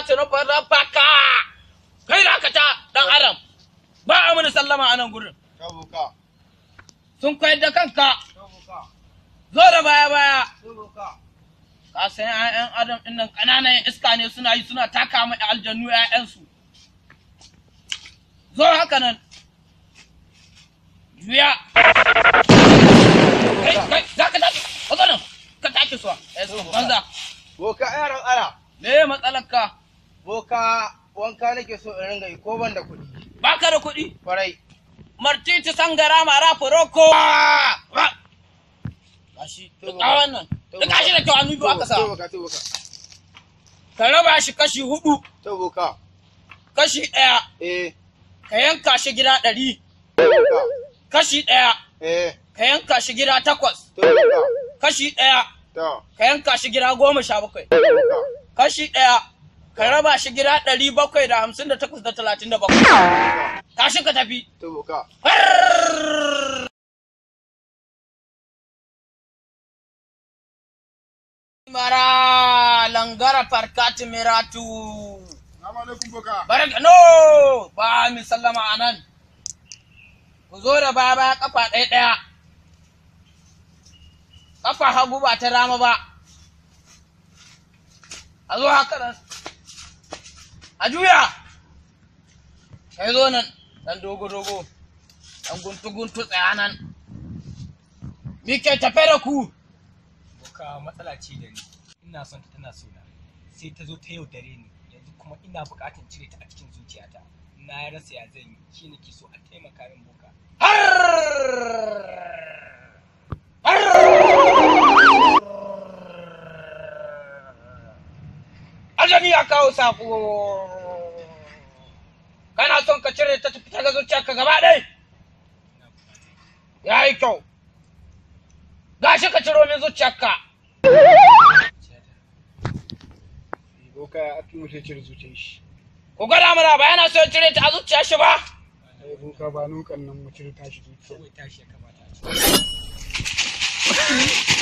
fara na fara baka kai da ta dan aram ba a mini sallama a nan gurin sun koyar da kanka zo da baya baya ka san ƴaƴan adam ɗin nan iska ne suna yi suna taka ma aljannu 'ya'yansu, zo haka nan juya kai kai za ka tashi ka zo nan ka tashi suwa eh, banza yaran ara me matsalar ka boka wanka nake so in ringa yi ko ban da kuɗi. Baka da kuɗi? Kwarai. ta sangara mara furoko. Ah! Gashi, duka wannan. Duka shi da kyau an aka sa. Ka raba shi kashi hudu. Tabuka. Kashi ɗaya. Eh. Ka yanka shi gida ɗari. Tabuka. Kashi ɗaya. Eh. Ka yanka shi gida takwas. Tabuka. Kashi ɗaya. Ka yanka shi gida goma sha bakwai. Kashi ɗaya. ka raba shi gida ɗari bakwai da hamsin da takwas da talatin da bakwai. Tashi ka tafi. Mara langara farkati miratu. Baraka no ba mi sallama anan. Ku zo da baba kafa ɗaya ɗaya. Kafa hagu ba ta rama ba. A zo haka a juya kai zo nan dan dogo dogo dan guntu guntu tsaya nan ke tafe da ku ka matsala ce da ni ina son ta tana so na sai ta zo ta yau dare ni yanzu kuma ina buƙatar cire ta a cikin zuciyata na rasa ya zan yi shi nake so a taimaka min boka har ajani ya kawo sako kana son ka cire ta tafi daga zuciyarka gaba dai ya yi kyau gashi ka ciro min zuciyarka boka ya aki mutu cire zuciyar shi ku gwada mana ba yana so ya cire ta a zuciyar shi ba ai boka ba nukan nan mu cire tashi zuciya kawai tashi ya kamata